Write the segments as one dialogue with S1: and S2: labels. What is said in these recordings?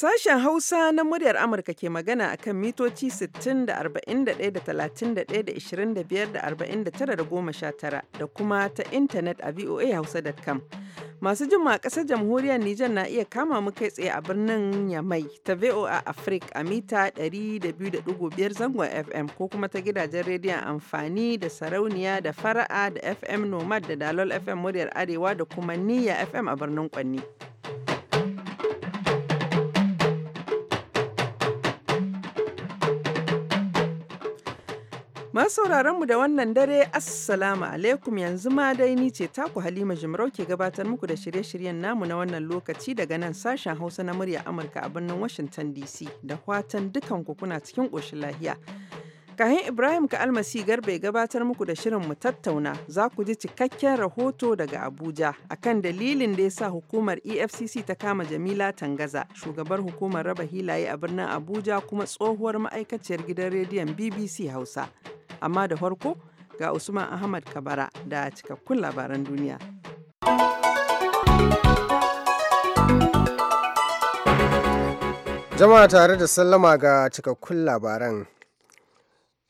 S1: Sashen Hausa na muryar Amurka ke magana a kan mitoci 60 da 41 da 31 da 25 da 49 da 19 da kuma ta intanet a voahausa.com. Masu jima ƙasar jamhuriyar Nijar na iya kama mu kai tsaye a birnin Yamai ta VOA Africa a mita 200.5 zangon FM ko kuma ta gidajen rediyon amfani da sarauniya da fara'a da FM Nomad da Dalol FM muryar Arewa da kuma Niyya FM a birnin Kwanni. mu da wannan dare assalamu alaikum yanzu ma dai ni ce taku halima jimarau ke gabatar muku da shirye-shiryen namu na wannan lokaci daga nan sashen hausa na murya amurka a birnin washington dc da fatan dukanku kuna cikin ƙoshin lahiya kahin ibrahim ka almasi garbe gabatar muku da shirin mu tattauna za ku ji cikakken rahoto daga abuja akan dalilin da ya sa hukumar efcc ta kama jamila tangaza shugabar hukumar raba hilaye a birnin abuja kuma tsohuwar ma'aikaciyar gidan rediyon bbc hausa amma da farko ga Usman Ahmad Kabara da cikakkun labaran duniya.
S2: Jama'a tare da sallama ga cikakkun labaran.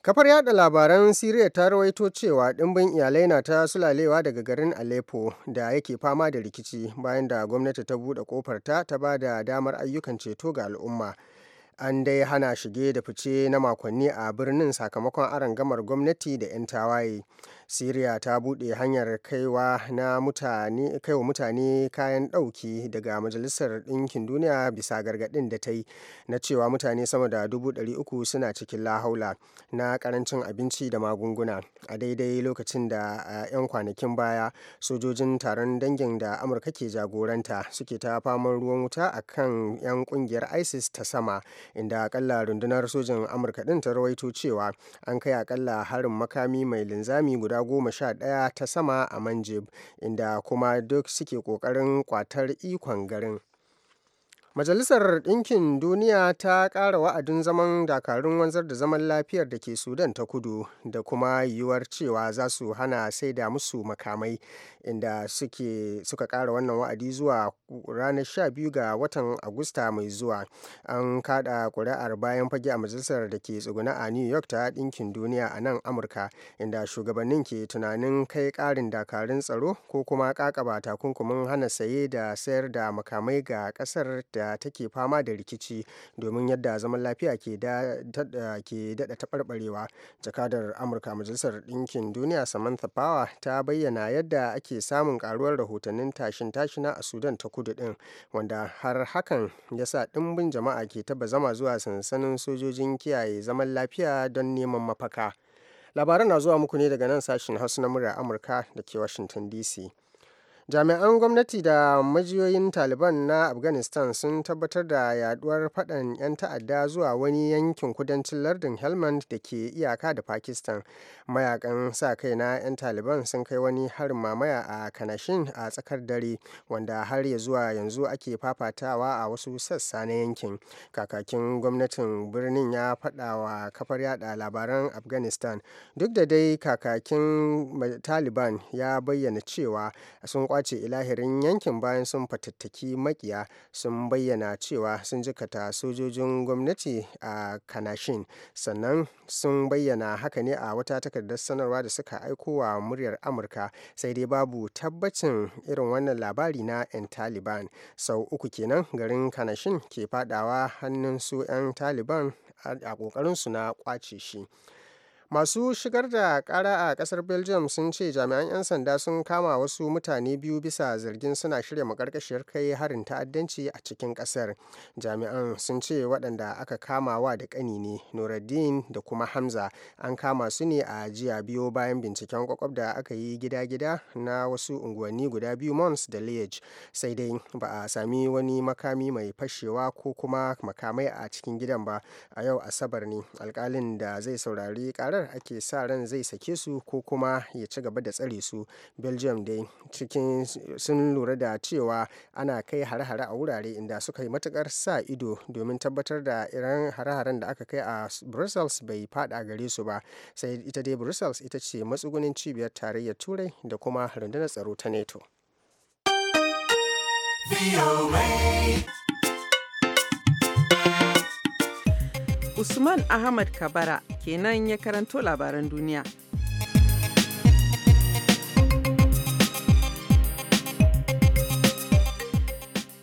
S2: Kafar yada labaran Siriya ta rawaito cewa ɗimbin iyalai na ta sulalewa daga garin Aleppo da yake fama da rikici bayan da gwamnati ta buɗe ta ta ba da damar ayyukan ceto ga al'umma. an dai hana shige da fice na makonni a birnin sakamakon arangamar gwamnati da 'yan tawaye Siriya ta buɗe hanyar kaiwa na mutane kaiwa mutane kayan ɗauki daga Majalisar Ɗinkin Duniya bisa gargaɗin da ta yi na cewa mutane sama da dubu ɗari uku suna cikin lahaula na karancin abinci da magunguna a daidai lokacin da 'yan kwanakin baya sojojin taron dangin da Amurka ke jagoranta suke ta faman ruwan wuta a kan 'yan ƙungiyar ISIS ta sama inda akalla rundunar sojin Amurka ɗin ta rawaito cewa an kai akalla harin makami mai linzami guda guda goma sha ɗaya ta sama a manjib inda kuma duk suke ƙoƙarin kwatar ikon garin Majalisar Ɗinkin Duniya ta ƙara wa'adin zaman dakarun wanzar da zaman lafiyar da ke Sudan ta kudu da kuma yiwuwar cewa za su hana sai da musu makamai inda suka ƙara wannan wa'adi zuwa ranar 12 ga watan Agusta mai zuwa. An kaɗa ƙuri'ar bayan fage a majalisar da ke tsuguna a New York ta Ɗinkin Duniya a nan Amurka inda shugabannin ke tunanin kai ƙarin dakarun tsaro ko kuma ƙaƙaba takunkumin hana saye da sayar da makamai ga ƙasar da da take fama da rikici domin yadda zaman lafiya ke daɗa taɓarɓarewa jakadar amurka majalisar ɗinkin duniya samantha power ta bayyana yadda ake samun ƙaruwar rahotannin tashin tashina a sudan ta kudu ɗin wanda har hakan ya sa ɗimbin jama'a ke taba zama zuwa sansanin sojojin kiyaye zaman lafiya don neman mafaka labaran na zuwa muku ne daga nan sashen hausa na murya amurka da ke washington dc jami'an gwamnati da majiyoyin taliban na afghanistan sun tabbatar da yaduwar faɗan 'yan ta'adda zuwa wani yankin kudancin lardin helmand da ke iyaka da pakistan mayakan sa kai na 'yan taliban sun kai wani harin mamaya a kanashin a tsakar dare wanda har ya zuwa yanzu ake fafatawa a wasu sassa na yankin kakakin gwamnatin birnin ya faɗawa wa kafar yada labaran afghanistan duk da dai kakakin taliban ya bayyana cewa sun kwace ilahirin yankin bayan sun fatattaki makiya sun bayyana cewa sun jikata sojojin gwamnati a kanashin sannan sun bayyana haka ne a wata takardar sanarwa da suka aiko wa muryar amurka sai dai babu tabbacin irin wannan labari na 'yan taliban sau uku kenan garin kanashin ke fadawa hannun su 'yan taliban a su na kwace shi masu shigar da kara a kasar belgium sun ce jami'an 'yan sanda sun kama wasu mutane biyu bisa zargin suna shirya makarkashiyar kai harin ta'addanci a cikin kasar jami'an sun ce waɗanda aka kama wa da ƙani ne nuruddin da kuma hamza an kama su ne a jiya biyu bayan binciken kwakwab da aka yi gida-gida na wasu unguwanni guda biyu mons da liege sai dai ba a sami wani makami mai fashewa ko kuma makamai a cikin gidan ba a yau asabar ne alkalin da zai saurari karar kasar ake sa ran zai sake su ko kuma ya ci gaba da tsare su belgium dai cikin sun lura da cewa ana kai hare-hare a wurare inda suka yi matukar sa ido domin tabbatar da iran hare-haren da aka kai a brussels bai fada gare su ba sai ita dai brussels ita ce matsugunin cibiyar tarayyar turai da kuma rundunar tsaro ta nato.
S1: Usman Ahmad Kabara kenan ya karanto labaran duniya.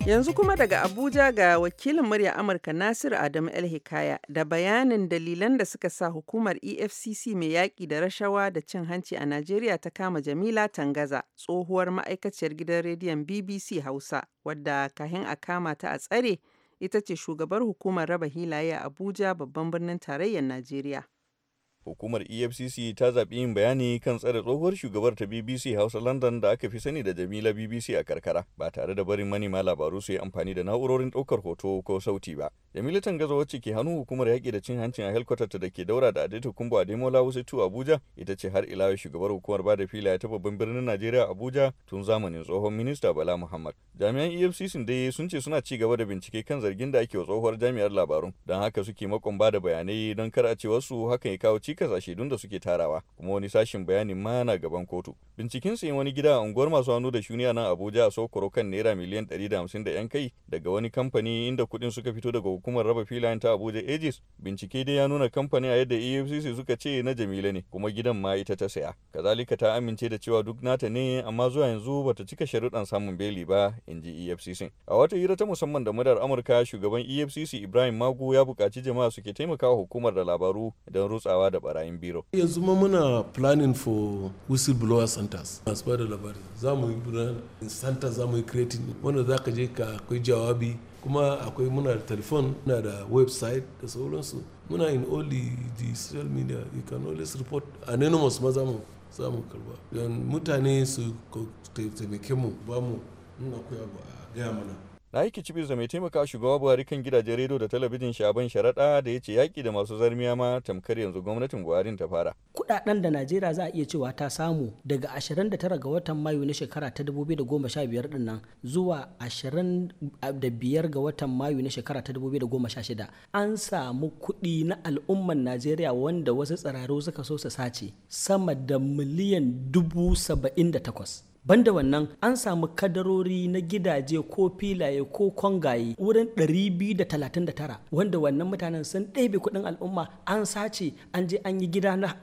S1: Yanzu kuma daga Abuja ga wakilin murya Amurka Nasiru Adamu El Hikaya da bayanin dalilan da suka sa hukumar EFCC mai yaƙi da rashawa da cin hanci a Najeriya ta kama Jamila Tangaza, tsohuwar ma'aikaciyar gidan rediyon BBC Hausa, wadda kahin a kama ta a tsare. ita ce shugabar hukumar raba hilaye a Abuja babban birnin tarayyar Najeriya.
S3: hukumar efcc ta zaɓi yin bayani kan tsare tsohuwar shugabar ta bbc hausa london da aka fi sani da jamila bbc a karkara ba tare da barin manema labaru su yi amfani da na'urorin ɗaukar hoto ko sauti ba jamila tangaza wacce ke hannu hukumar yaƙi da cin hancin a helkwatar ta da ke daura da adaita kumbu a demola wasu tu abuja ita ce har ila shugabar hukumar bada filaye ta babban birnin najeriya abuja tun zamanin tsohon minista bala muhammad jami'an efcc dai sun ce suna ci gaba da bincike kan zargin da ake wa tsohuwar jami'ar labarun don haka suke makon ba da bayanai don kar a ce wasu hakan ya kawo ci cikas shaidun da suke tarawa kuma wani sashin bayani ma na gaban kotu binciken sayan wani gida a unguwar masu hannu da shuni a nan abuja a sokoro kan naira miliyan ɗari da da yan kai daga wani kamfani inda kuɗin suka fito daga hukumar raba filayen ta abuja aegis bincike dai ya nuna kamfani a yadda efcc suka ce na jamila ne kuma gidan ma ita ta saya kazalika ta amince da cewa duk nata ne amma zuwa yanzu bata cika sharuɗan samun beli ba in ji efcc a wata hira ta musamman da madar amurka shugaban efcc ibrahim magu ya buƙaci jama'a suke taimakawa hukumar da labaru don rutsawa da da barayin biro
S4: yanzu ma muna planning for whistleblower centers masu ba labari za mu yi center za mu yi creating wanda za ka je ka akwai jawabi kuma akwai muna da telefon muna da website da sauransu muna in all the, the social media you can always report anonymous ma za mu za karba don mutane su taimake mu ba mu nuna akwai abu a gaya mana
S3: aiki cibiyar mai taimaka shugaba buhari kan gidajen rediyo da talabijin shaban sharaɗa da ya ce yaƙi da masu zarmiya ma tamkar yanzu gwamnatin buhari ta fara
S5: kuɗaɗen da najeriya za a iya cewa ta samu daga 29 ga watan mayu na shekara ta 2015 din nan zuwa 25 ga watan mayu na shekara ta 2016 an samu kuɗi na al'umman najeriya wanda wasu tsiraru suka so su sace sama da miliyan 78 banda wannan an samu kadarori na gidaje ko filaye ko kwangaye wurin 239 wanda wannan mutanen sun ɗebe kuɗin al'umma an sace an je an yi gida na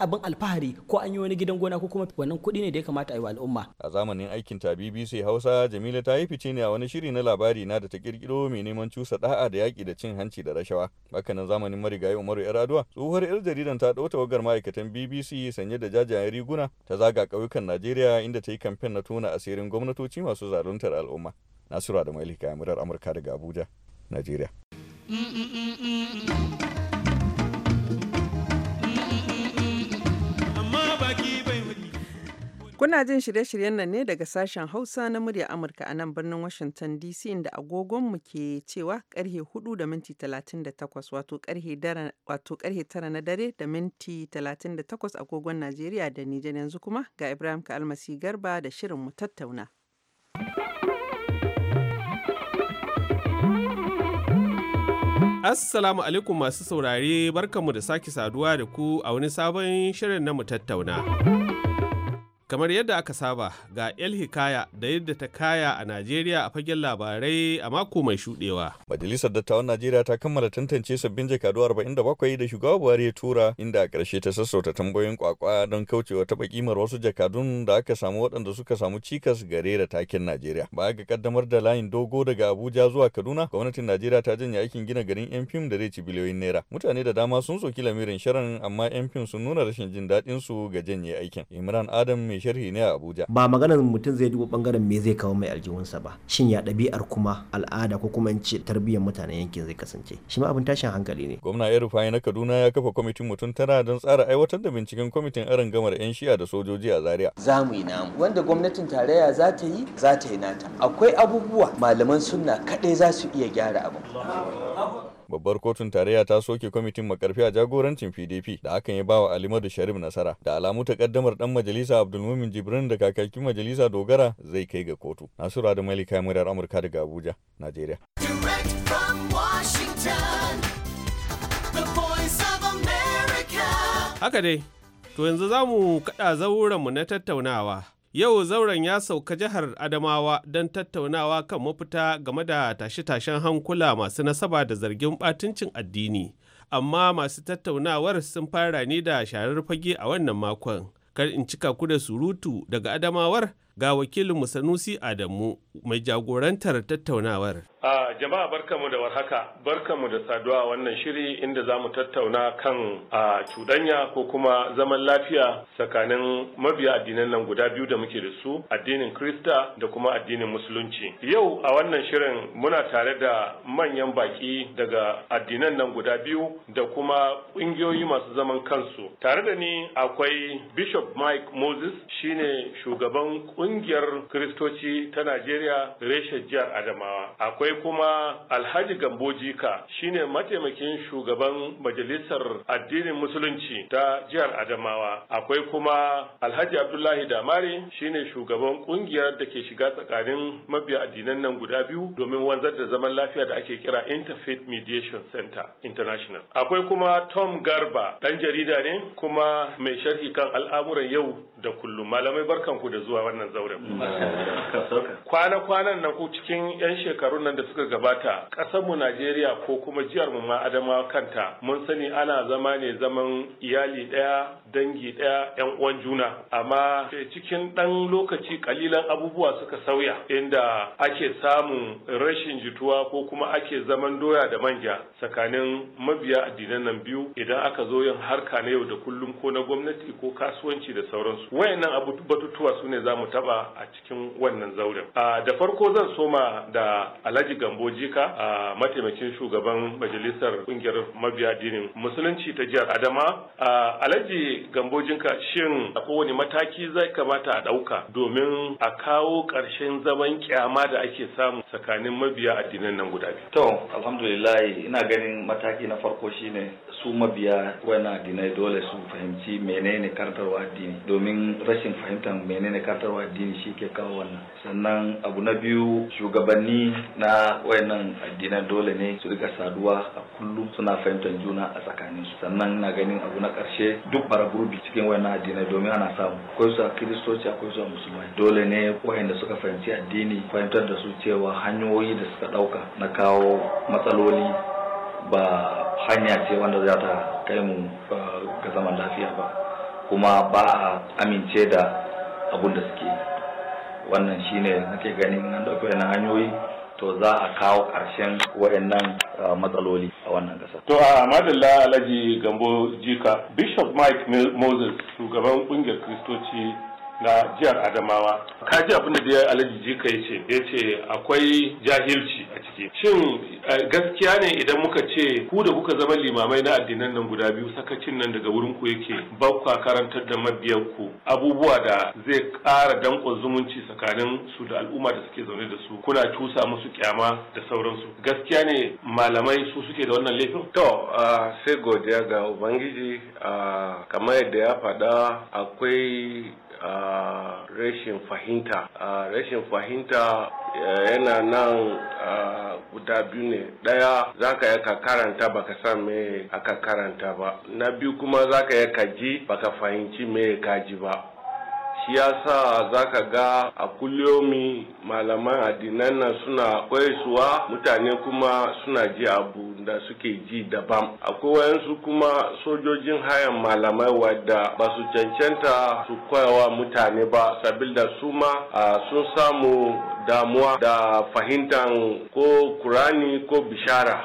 S5: abin alfahari ko an yi wani gidan gona ko kuma wannan kuɗi ne da ya kamata a yi wa al'umma
S3: a zamanin aikin ta bbc hausa jamila ta yi fice ne a wani shiri na labari na da ta kirkiro mai neman cusa da'a da yaƙi da cin hanci da rashawa hakanan zamanin marigayi umaru yar aduwa tsohuwar yar jaridan ta ɗauta wagar ma'aikatan bbc sanye da jajayen riguna ta zaga ƙauyukan najeriya inda ta yi kamfen na tona asirin gwamnatoci masu zaluntar al'umma nasura da malika murar amurka daga abuja najeriya
S1: mm, mm, mm, Kuna jin shirye-shiryen nan ne daga sashen Hausa na murya Amurka a nan birnin Washington DC inda agogonmu ke cewa karhe 4 da minti 38 wato karhe 9 na dare da minti 38 agogon Najeriya da Nijar yanzu kuma ga Ibrahim Kalmasi Garba da shirin mu tattauna.
S6: Assalamu alaikum masu saurare barkamu da sake saduwa da ku a wani sabon shirin na mu tattauna. Kamar yadda aka saba ga El Hikaya da yadda ta kaya a Najeriya a fagen
S3: labarai a mako mai shudewa. Majalisar Dattawan Najeriya ta kammala tantance sabbin jakadu 47 da shugaba Buhari ya tura inda a ƙarshe ta sassauta tambayoyin kwakwa don kaucewa taɓa kimar wasu jakadun da aka samu waɗanda suka samu cikas gare da takin Najeriya. Baya ga kaddamar da layin dogo daga Abuja zuwa Kaduna, gwamnatin Najeriya ta janye aikin gina garin yan fim da zai ci biliyoyin naira. Mutane da dama sun soki lamirin shirin amma yan fim sun nuna rashin jin daɗin su ga janye aikin. Imran Adam mai mai sharhi ne a Abuja. Ba
S5: maganar mutum zai duba bangaren me zai kawo mai aljihunsa ba. Shin ya ɗabi'ar kuma al'ada ko kuma in ce tarbiyyar mutanen yankin zai kasance. Shi ma abin tashin hankali ne.
S3: Gwamna yarufayi na Kaduna ya kafa kwamitin mutum tara don tsara aiwatar da binciken kwamitin aron gamar 'yan shiya da sojoji a Zaria. Za mu yi namu.
S5: Wanda gwamnatin tarayya za ta yi za ta yi nata. Akwai abubuwa malaman sunna kaɗai za su iya gyara abu.
S3: babbar kotun tarayya ta soke kwamitin makarfi a jagorancin pdp da hakan ya bawa alimadu sharif nasara da alamu ta kaddamar dan majalisa abdulmumin jibrin da kakakin majalisa dogara zai kai ga kotu nasura da malika murar amurka daga abuja najeriya
S6: haka dai to yanzu za mu kaɗa mu na tattaunawa Yau zauren ya sauka jihar Adamawa don tattaunawa kan mafita game da tashe-tashen hankula masu nasaba da zargin ɓatincin addini, amma masu tattaunawar sun fara ne da sharar fage a wannan makon. Kar in cika ku da surutu daga Adamawar Ga wakilinmu Sanusi Adamu mai jagorantar tattaunawar.
S4: A jama'a barkamu da warhaka, barkamu da saduwa wannan shiri inda za mu tattauna kan a cuɗanya ko kuma zaman lafiya tsakanin mabiya addinan nan guda biyu da muke da su, addinin Krista da kuma addinin Musulunci. Yau a wannan shirin muna tare da manyan baki daga addinan nan guda biyu da kuma ƙungiyoyi masu zaman kansu. Tare da ni akwai Bishop Mike Moses shine shugaban kungiyar kristoci ta Najeriya reshen jihar Adamawa. Akwai kuma Alhaji Gambojika shine mataimakin shugaban majalisar addinin musulunci ta jihar Adamawa. Akwai kuma Alhaji Abdullahi Damari shine shugaban kungiyar da ke shiga tsakanin mabiya addinan nan guda biyu domin wanzar da zaman lafiya da ake kira Interfaith Mediation Center International. Akwai kuma Tom Garba ɗan jarida ne kuma mai sharhi kan al'amuran yau da kullum. Malamai barkanku da zuwa wannan zauren mm. kwana-kwanan nan ko cikin 'yan shekarun nan da suka gabata mu najeriya ko kuma jiyarmu mu ma adama kanta mun sani ana zama ne zaman iyali ɗaya dangi ɗaya yan uwan juna amma cikin ɗan lokaci kalilan abubuwa suka sauya inda ake samun rashin jituwa ko kuma ake zaman doya da manja tsakanin mabiya addinan nan biyu idan aka zo yin harka na yau da kullum ko na gwamnati ko kasuwanci da sauransu wayannan abu batutuwa su ne za mu taɓa a cikin wannan zauren da farko zan soma da alhaji gambo jika a mataimakin shugaban majalisar ƙungiyar mabiya addinin musulunci ta jihar adama a alhaji gambojinka shin a kowane mataki zai kamata a ɗauka domin a kawo ƙarshen zaman kyama da ake samu
S7: tsakanin mabiya addinan nan guda biyu. To, alhamdulillah ina ganin mataki na farko shine su mabiya wani addinai dole su fahimci menene karantarwa addini domin rashin fahimtar menene karantarwa addini shi ke kawo wannan. Sannan abu na biyu shugabanni na wannan addinai dole ne su rika saduwa a kullum suna fahimtar juna a tsakaninsu. Sannan na ganin abu na ƙarshe duk bara gurbi cikin wannan addinai domin ana samu akwai su a kiristoci su a musulmai dole ne wayanda suka fahimci addini fahimtar da su cewa hanyoyi da suka ɗauka na kawo matsaloli ba hanya ce wanda za ta kai mu eh, ga zaman lafiya ba kuma ba a amince da abun da suke wannan shine nake ganin an ɗauki wannan hanyoyi to za a kawo ƙarshen waɗannan uh, matsaloli a wannan ƙasa.
S4: To a madalla Alhaji Gambo Jika, Bishop Mike Moses, shugaban ƙungiyar Kristoci na jihar Adamawa. Ka ji abin da Alhaji Jika ya ce, ya ce akwai jahilci a ciki. Shin gaskiya ne idan muka ce ku da kuka zama limamai na addinan nan guda biyu sakacin nan daga wurin ku yake ba ku karantar da mabiyan ku abubuwa da zai ƙara danƙon zumunci tsakanin su da al'umma da suke zaune da su kuna cusa musu kyama da sauransu. Gaskiya ne malamai su suke da wannan laifin? To, sai godiya ga Ubangiji kamar yadda ya faɗa akwai rashin fahimta rashin fahimta eh, yana nan guda biyu ne ɗaya za ka yaka karanta baka san me aka karanta ba na biyu kuma za ka yaka ji baka fahimci me ka ji ba shi za zaka ga a kulliyomi malaman addinan nan suna koyarsuwa mutane kuma suna ji abu da suke ji daban akwai wayansu kuma sojojin hayan malamai wadda ba su cancanta su koyawa mutane ba sabilda su ma sun samu damuwa da fahimtan ko kurani ko bishara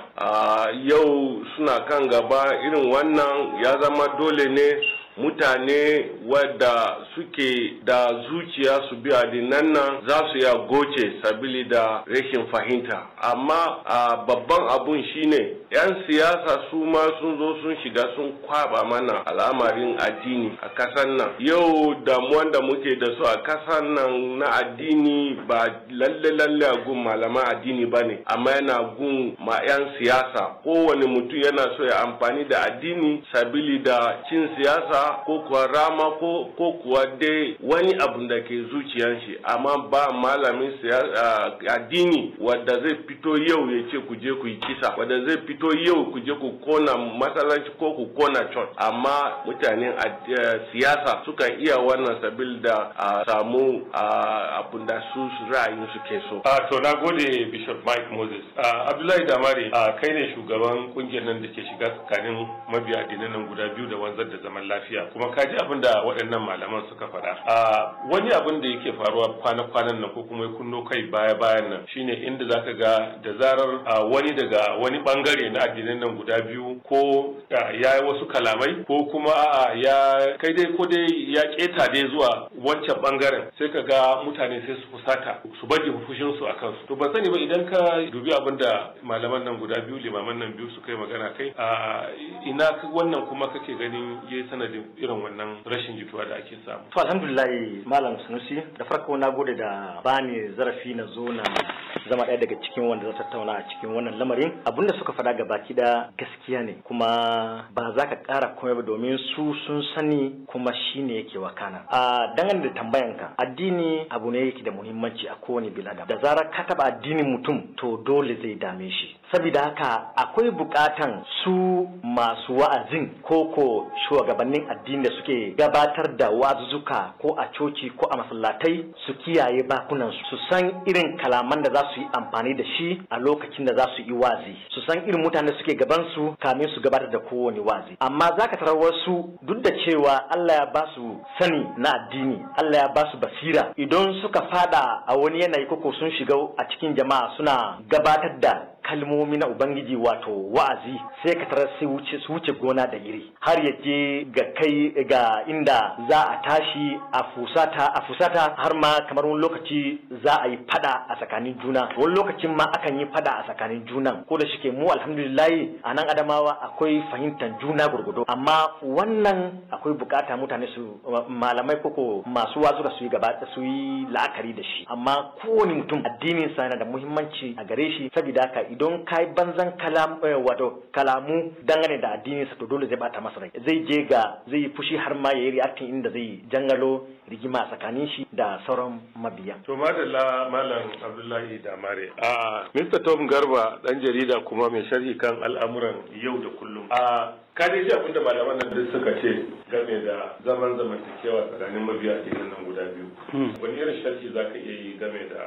S4: yau suna kan gaba irin wannan ya zama dole ne mutane wadda suke da zuciya su bi addinan nan za su ya goce sabili da rashin fahimta amma a babban abun shine 'yan siyasa su ma sun zo sun shiga sun kwaba mana al'amarin addini a kasan nan yau damuwan da muke da su a kasan nan na addini ba lalle lalle a gun malaman addini ba ne amma yana gun ma 'yan siyasa kowane mutum yana so ya amfani da addini sabili da cin siyasa ko kuwa rama ko kuwa dai wani abu da ke zuciyar shi amma ba malamin addini wadda zai fito yau ya ce ku je ku yi kisa wadda zai fito fito yau ku je ku kona masallaci ko ku kona church amma mutanen eh, siyasa sukan iya wannan sabil da a samu abin da su ra'ayin su ke so. A to na gode Bishop Mike Moses. Abdullahi Damari kai ne shugaban kungiyar nan da ke shiga tsakanin mabiya addinan nan guda biyu da wanzar da zaman lafiya kuma ka ji abin da waɗannan malaman suka faɗa. Wani abin da yake faruwa kwana-kwanan nan ko kuma ya kunno kai baya-bayan nan shine inda zaka ga da zarar wani daga wani bangare na addinan nan guda biyu ko ya yi wasu kalamai ko kuma a'a ya kai dai ko dai ya keta dai zuwa wancan bangaren sai ka ga mutane sai su fusata su baje fushin su akan su to ban sani ba idan ka dubi abin da malaman nan guda biyu limaman nan biyu su kai magana kai a ina wannan kuma kake ganin yi sanadin irin wannan rashin jituwa da ake samu
S5: to alhamdulillah malam sunusi da farko na gode da bani zarafi na zo na zama ɗaya daga cikin wanda za tattauna a cikin wannan lamarin abinda suka faɗa gabaki da gaskiya ne kuma ba za ka kara komai ba domin su sun sani kuma shi ne yake wakana a dangane da tambayanka addini abu ne yake da muhimmanci a kowane bilada da zarar ka taɓa addinin mutum to dole zai dame shi saboda haka akwai bukatan su masu wa'azin ko ko shugabannin addini da suke gabatar da wazuzuka ko a coci ko a masallatai su kiyaye bakunan su san irin kalaman da za su yi amfani da shi a lokacin da za su yi wazi su san irin mutane suke gaban su kamin su gabatar da kowane wazi amma zaka tarar wasu duk da cewa Allah ya ba su sani na addini Allah ya ba su basira idan suka fada a wani yanayi ko sun shiga a cikin jama'a suna gabatar da kalmomi na ubangiji wato wa'azi sai ka tarar sai wuce gona da iri har ya je ga kai ga inda za a tashi a fusata a fusata har ma kamar wani lokaci za a yi fada a tsakanin juna wani lokacin ma akan yi fada a tsakanin juna ko da shike mu alhamdulillahi a nan adamawa akwai fahimtar juna gurgudo amma wannan akwai bukata mutane su malamai koko masu wazuka su yi gaba su yi la'akari da shi amma kowane mutum addinin sa yana da muhimmanci a gare shi saboda ka. idan kai banzan banzan eh, wato kalamu dangane da addinin sa to dole zai bata masa rai zai je ga zai yi fushi har ma ya yi reacting inda zai jangalo rigima tsakanin shi da sauran mabiya. To madalla
S4: malam Abdullahi Damare. A Mr. Tom Garba dan jarida kuma mai sharhi kan al'amuran yau da kullum. A ka dai ji abinda malaman nan duk suka ce game da zaman zamantakewa tsakanin mabiya addinin nan guda biyu. Hmm. Wani irin sharhi zaka iya yi game da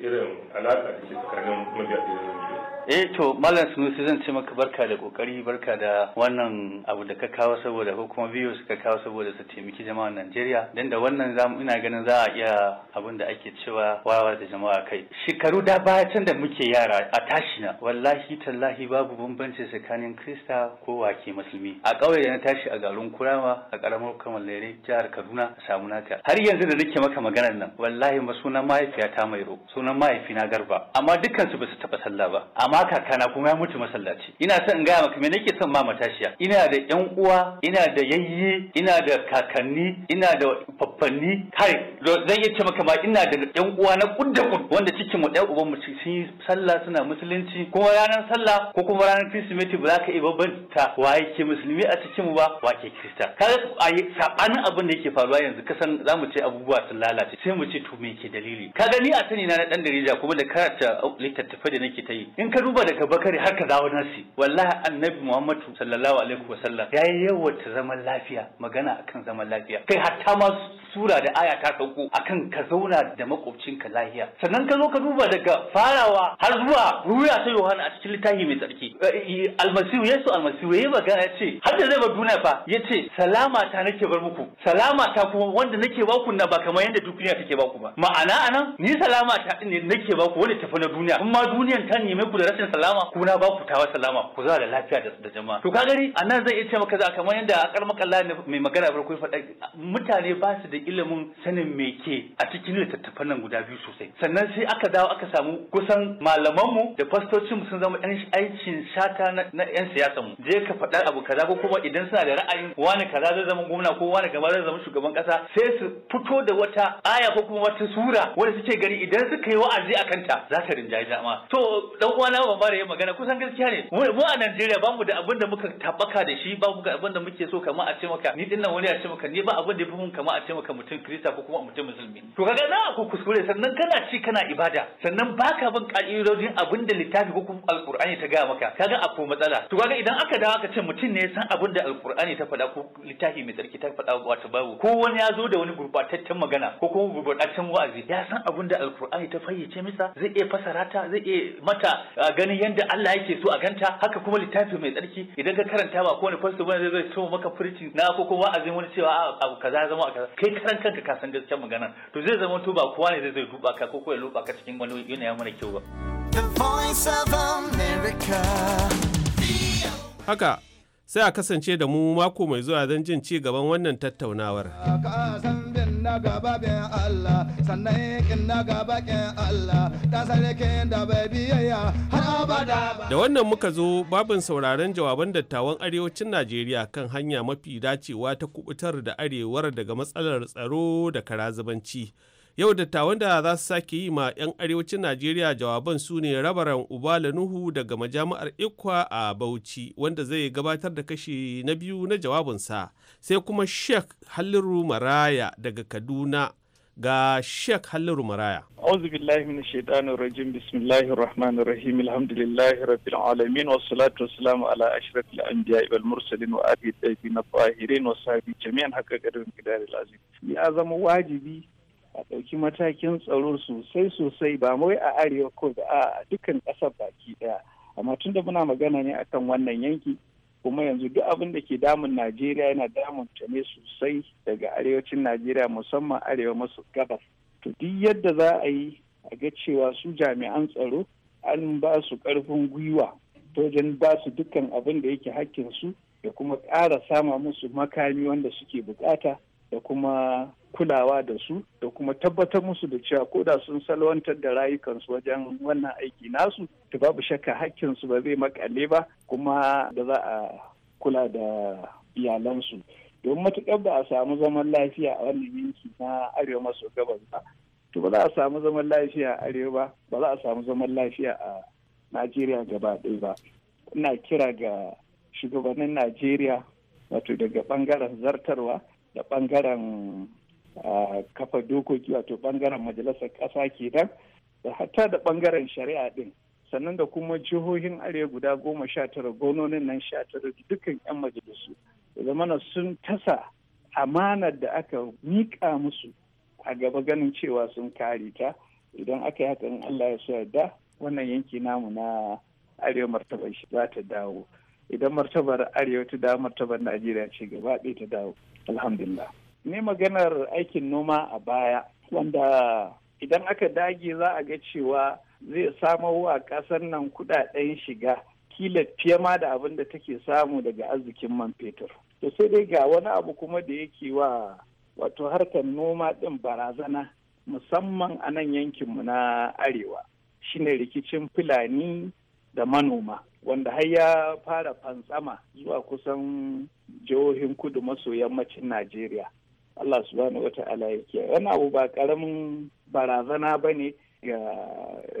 S4: irin alaka da ke tsakanin mabiya addinin nan biyu?
S7: eh to malam sai zan ce maka barka da kokari barka da wannan abu da ka kawo saboda ko kuma biyu suka kawo saboda su taimaki jama'ar Najeriya dan da wannan zamu ina ganin za a iya abin da ake cewa wawa da jama'a kai shekaru da baya can da muke yara a tashi na wallahi tallahi babu bambanci tsakanin Krista ko wake musulmi a ƙauye da na tashi a garin Kur'awa, a ƙaramar Kamalere jihar Kaduna samu naka har yanzu da nake maka maganar nan wallahi ma sunan mahaifiyata ro sunan mahaifina Garba amma dukkan su ba su taɓa sallah ba amma amma kakana kuma ya mutu masallaci ina son in gaya maka me nake son ma matashiya ina da yan uwa ina da yayye ina da kakanni ina da faffanni kai zan iya ce maka ma ina da yan uwa na kudda kud wanda cikin mu ɗaya uban mu sun sallah suna musulunci kuma ranar sallah ko kuma ranar kirsimeti ba za ka iya ta, wa yake musulmi a cikin mu ba wa ke kirista kaga a sabanin abin da yake faruwa yanzu kasan zamu ce abubuwa sun lalace sai mu ce to me ke dalili kaga ni a sani na na dan darija kuma da karanta littattafai da nake ta yi in ka duba daga bakari har ka dawo nasi wallahi annabi muhammadu sallallahu alaihi wa sallam, ya yi yawata zaman lafiya magana akan zaman lafiya kai hatta ma sura da aya ta sauko akan ka zauna da makwabcinka lafiya sannan ka zo ka duba daga farawa har zuwa ruya ta yohana a cikin littafi mai tsarki eh, eh, almasihu yesu almasihu yi magana ya ce har da zai ba duniya fa ya ce salama ta nake bar muku salama ta kuma wanda nake baku na ba kamar yadda duniya take baku ba ma'ana anan ni salama ta ne nake baku wanda tafi na duniya kuma duniyan ta neme ku da ce salama ku na ba ku tawa salama ku za da lafiya da jama'a to ka gani anan zan iya ce maka za kamar yadda akar makalla mai magana farko ya faɗa mutane ba su da ilimin sanin me ke a cikin littattafan nan guda biyu sosai sannan sai aka dawo aka samu kusan malaman mu da fastocin sun zama yan aikin shata na yan siyasa mu je ka faɗa abu kaza ko kuma idan suna da ra'ayin wani kaza zai zama gwamna ko wani kaza zai zama shugaban kasa sai su fito da wata aya ko kuma wata sura wanda suke gani idan suka yi wa'azi akan ta za ta rinjaye jama'a to dan uwana dama ban bada yin magana kusan gaskiya ne mu a Najeriya ba mu da abin da muka tabbaka da shi ba mu ga abin da muke so kamar a ce maka ni dinnan wani a ce maka ni ba abin da mun kamar a ce maka mutum Kirista ko kuma mutum musulmi to kaga na ku kuskure sannan kana ci kana ibada sannan baka bin ka'idodin abin da littafi ko kuma alkur'ani ta gaya maka kaga ko matsala to kaga idan aka dawo aka ce mutum ne san abin da alkur'ani ta faɗa ko littafi mai tsarki ta faɗa wato babu ko wani ya zo da wani gurbataccen magana ko kuma gurbataccen wa'azi ya san abin da alkur'ani ta fayyace masa zai iya fasara ta zai iya mata ganin yadda Allah yake so a ganta haka kuma littafi mai tsarki idan ka karanta ba kowane fasto bane zai so maka furcin na ko kuma azin wani cewa abu kaza ya zama kaza kai karan kanka ka san gaskiyar magana to zai zama to ba kowa ne zai duba ka ko ya luba ka cikin wani yana mana kyau ba
S6: The
S2: Voice
S7: Haka
S6: sai a kasance da mu mako mai zuwa don jin ci gaban wannan tattaunawar.
S2: kinna gaba
S7: bin Allah sannan kinna gaba kin Allah ta sarkin da bai biyayya har abada
S6: da wannan muka zo babin sauraron jawaban dattawan arewacin Najeriya kan hanya mafi dacewa ta kubutar da arewar daga matsalar tsaro da karazubanci. Yau dattawan da za su sake yi ma 'yan arewacin Najeriya jawaban su ne rabaran Ubala Nuhu daga majami'ar Ikwa a Bauchi wanda zai gabatar da kashi na biyu na jawabinsa sai kuma Sheikh Halliru Maraya daga Kaduna ga Sheikh Halliru Maraya.
S8: Auzu billahi min shaitani rajim bismillahi rahmanir rahim alhamdulillahi rabbil alamin wa salatu wa salamu ala ashrafil anbiya wal mursalin wa ali na tahirin wa sahbi jami'an haqqa qadrin kidaril azim. Ya zama wajibi a ɗauki matakin tsaro sosai sosai ba wai a arewa ko da a dukkan ƙasar baki ɗaya amma da muna magana ne akan wannan yanki kuma yanzu duk abin da ke damun najeriya yana damun ta ne sosai daga arewacin najeriya musamman arewa maso gabas to duk yadda za a yi a ga cewa su jami'an tsaro an ba su ƙarfin gwiwa wajen ba su dukkan abin da yake hakkin su da kuma ƙara sama musu makami wanda suke bukata da kuma kulawa da su da kuma tabbatar musu da cewa ko da sun salwantar da rayukansu wajen wannan aiki nasu to babu shakka hakkinsu ba zai makale ba kuma da za a kula da iyalansu don matuƙar ba a samu zaman lafiya a wannan yanki na arewa maso gabas ba to ba za a samu zaman lafiya a arewa ba za a samu zaman lafiya a najeriya gaba ɗaya ba ina kira ga shugabannin najeriya wato daga ɓangaren zartarwa da ɓangaren kafa dokoki wato bangaren majalisar ƙasa nan da hatta da bangaren shari'a din sannan da kuma jihohin arewa guda goma sha tara gononin nan sha tara dukkan 'yan majalisu da zamana sun tasa amanar da aka miƙa musu a gaba ganin cewa sun kare ta idan aka yi hakan allah ya yarda wannan yanki namu na arewa martaba shi za ta dawo idan martabar arewa ta dawo martabar najeriya ce gaba ɗaya ta dawo alhamdulillah ne maganar aikin noma a baya wanda idan aka dage za a ga cewa zai samo wa ƙasar nan kudaden shiga kila fiye ma da abin da take samu daga arzikin man fetur to sai dai ga wani abu kuma da yake wa wato harkar noma din barazana musamman a nan yankinmu na arewa shine rikicin fulani da manoma wanda har ya fara fantsama zuwa kusan jihohin kudu maso yammacin najeriya Allah subhanahu wata'ala yake wani abu ba karamin barazana ba ne ga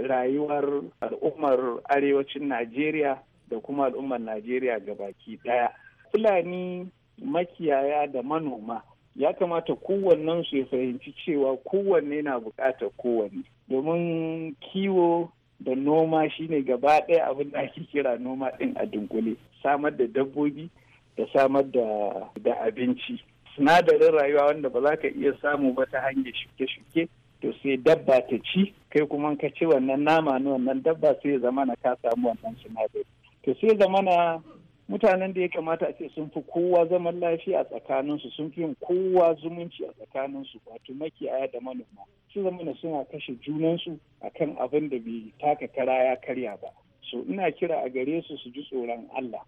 S8: rayuwar al'ummar arewacin Najeriya da kuma al'ummar Najeriya ga baki ɗaya. Fulani makiyaya da manoma ya kamata kowannen su ya fahimci cewa kowanne na bukatar kowanne domin kiwo da noma shine gaba ɗaya abin da ake kira noma ɗin a dunkule samar da dabbobi da samar da abinci sinadarin rayuwa wanda ba za ka iya samu ba ta hanyar shuke-shuke to sai dabba ta ci kai kuma ka ci wannan nama na wannan dabba sai ya na ka samu wannan sinadari to sai na mutanen da ya kamata a ce sun fi kowa zaman lafiya a tsakaninsu sun fi kowa zumunci a tsakaninsu wato makiyaya da manoma su zamana suna kashe junansu akan abin da bai taka kara ya karya ba so ina kira a gare su su ji tsoron Allah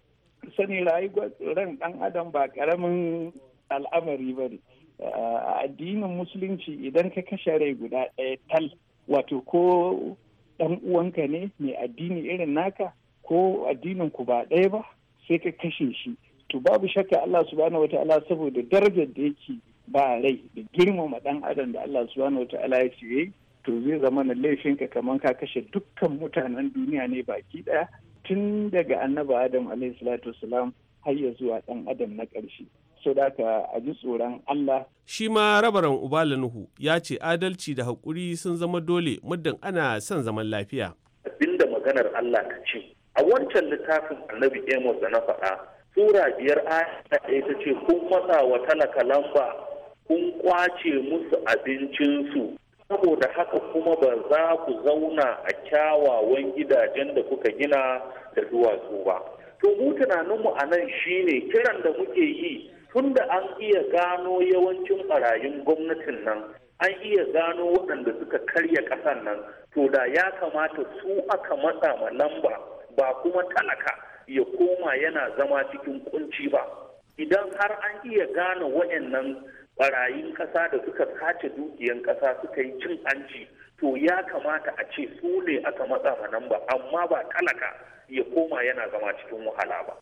S8: sani rayuwar ran dan adam ba karamin al'amari ba ne a addinin musulunci idan ka kashe rai guda ɗaya tal wato ko ɗan uwanka ne mai addini irin naka ko addinin ku ba ɗaya ba sai ka kashe shi to babu shakka Allah subhanahu wataala saboda darajar da yake ba rai da girmama ɗan adam da Allah subhanahu wataala ya ce to zai zama na laifinka kamar ka kashe dukkan mutanen duniya ne baki ɗaya tun daga annabi adam alaihi salatu har ya zuwa ɗan adam na ƙarshe so da ka a ji tsoron Allah.
S6: Shi ma rabaran Ubala Nuhu ya ce adalci da haƙuri sun zama dole muddin ana son zaman lafiya.
S9: Abinda maganar Allah ta ce, a wancan littafin annabi Amos da na faɗa, Sura biyar a ɗaya ta ce, kun matsa wa talaka lamba, kun kwace musu abincinsu, saboda haka kuma ba za ku zauna a kyawawan gidajen da kuka gina da duwatsu ba. to mu tunaninmu a nan shine kiran da muke yi tunda an iya gano yawancin barayin gwamnatin nan an iya gano waɗanda suka karya ƙasar nan to da ya kamata su aka matsa ma lamba ba kuma talaka ya koma yana zama cikin kunci ba idan har an iya gane waɗannan barayin ƙasa da suka sace dukiyan ƙasa suka yi cin anci to ya kamata a ce su ne aka matsa ma lamba amma ba talaka ya koma yana zama cikin wahala ba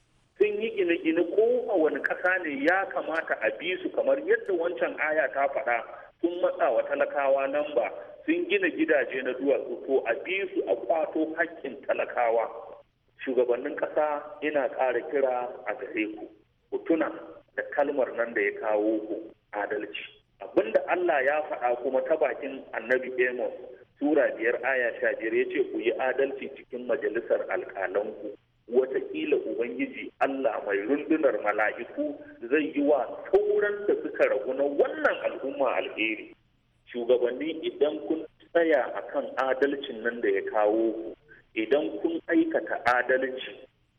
S9: sun yi gine-gine ko a wani ƙasa ne ya kamata a bi su kamar yadda wancan aya ta faɗa sun matsa wa talakawa nan ba sun gina gidaje na duwatsu ko a bi su a kwato hakkin talakawa shugabannin ƙasa ina ƙara kira a gare ku ku tuna da kalmar nan da ya kawo ku adalci abinda Allah ya faɗa kuma ta bakin annabi Amos sura biyar aya sha biyar ya ce ku yi adalci cikin majalisar alƙalanku watakila ubangiji Allah mai rundunar mala'iku zai yi wa sauran da suka ragu na wannan al'umma alheri shugabanni idan kun tsaya akan adalcin nan da ya kawo ku idan kun aikata adalci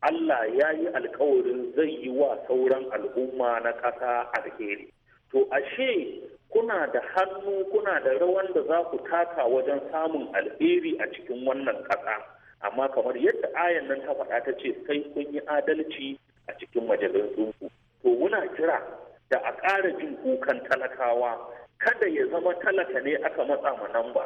S9: Allah ya yi alkawarin zai yi wa sauran al'umma na ƙasa alheri to ashe kuna da hannu kuna da rawan da za ku taka wajen samun alheri a cikin wannan ƙasa amma kamar yadda ayan nan ta faɗa ta ce sai kun yi adalci a cikin majalisunku to muna kira da a ƙara jin kukan talakawa kada ya zama talaka ne aka matsa ma nan ba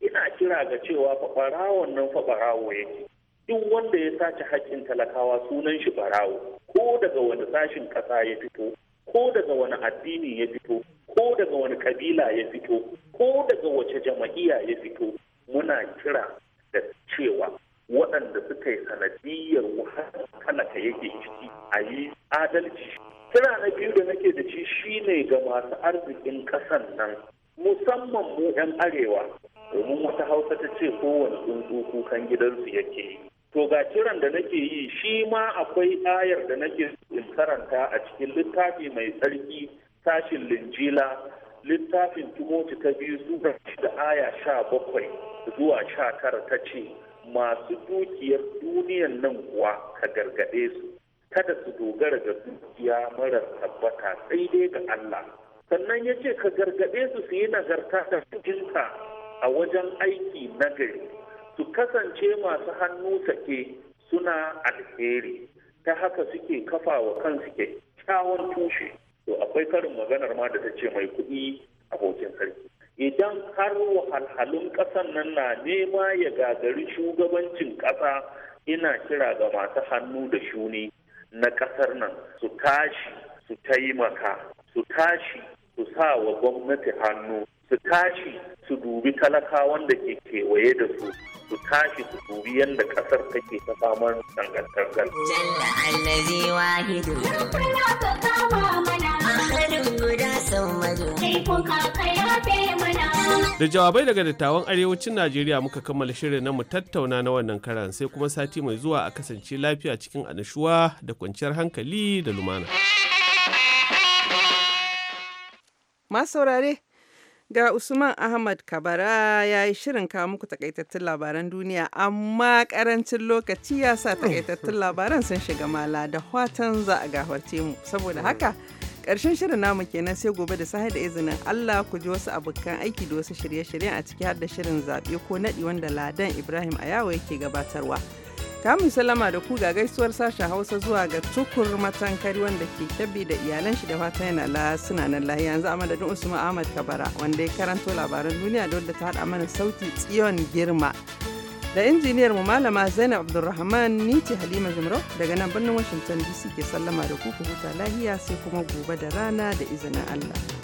S9: ina kira ga cewa faɓarawon nan faɓarawo yake duk wanda ya sace haƙƙin talakawa sunan shi barawo ko daga wani sashin ƙasa ya fito ko daga wani addini ya fito ko daga wani kabila ya fito ko daga wace jama'iya ya fito muna kira da cewa waɗanda suka yi sanadiyar ka yake ciki a yi adalci. Kira na biyu da nake da shi shine ga masu arzikin ƙasan nan musamman mu 'yan arewa domin wata hausa ta ce kowane tsuntsu kukan gidansu yake yi. To ga kiran da nake yi shi ma akwai ayar da nake in karanta a cikin littafi mai tsarki sashin linjila littafin Timoti ta biyu zuwa da aya sha bakwai zuwa sha tara ta ce masu dukiyar duniyan nan kuwa ka gargaɗe su kada su dogara ga dukiya marar tabbata sai dai ga Allah sannan ya ce ka gargaɗe su su yi nagarta da jinka a wajen aiki nagari su kasance masu hannu sake suna alheri ta haka suke kafa wa kansu kyakkyawan tushe to akwai karin maganar ma da ta ce mai kuɗi abokin sarki idan har wahalhalun ƙasar nan na nema ya gagari shugabancin ƙasa ina kira ga masu hannu da shuni na ƙasar nan su tashi su taimaka su tashi su sa wa gwamnati hannu su tashi su dubi talakawan da ke kewaye da su su tashi su dubi yadda ƙasar take ta samar dangantakar.
S1: Jalla guda sau Kai
S6: Da jawabai daga dattawan arewacin Najeriya muka kammala shirin na mu tattauna na wannan karan sai kuma sati mai zuwa a kasance lafiya cikin anashuwa da kwanciyar hankali da lumana.
S1: Masaurare, ga Usman Ahmad Kabara ya yi shirin kawo muku takaitattun labaran duniya amma karancin lokaci ya sa takaitattun labaran sun shiga mala da watan za a gafarce mu saboda haka. karshen shirin namu kenan sai gobe da sahi da izinin Allah ku ji wasu abokan aiki da wasu shirye-shiryen a ciki har da shirin zaɓe ko naɗi wanda Ladan Ibrahim Ayawa yake gabatarwa. Kamun salama da ku ga gaisuwar sashen Hausa zuwa ga tukur matankari wanda ke kyabbi da iyalan shi da fata yana la suna nan lahiya yanzu a madadin Usman Ahmad Kabara wanda ya karanto labaran duniya da wanda ta haɗa mana sauti tsiyon girma. da injiniyar mu malama zainab abdulrahman ni ce halima jimrau daga nan birnin washington dc ke sallama da ku ku huta lahiya sai kuma gobe da rana da izinin allah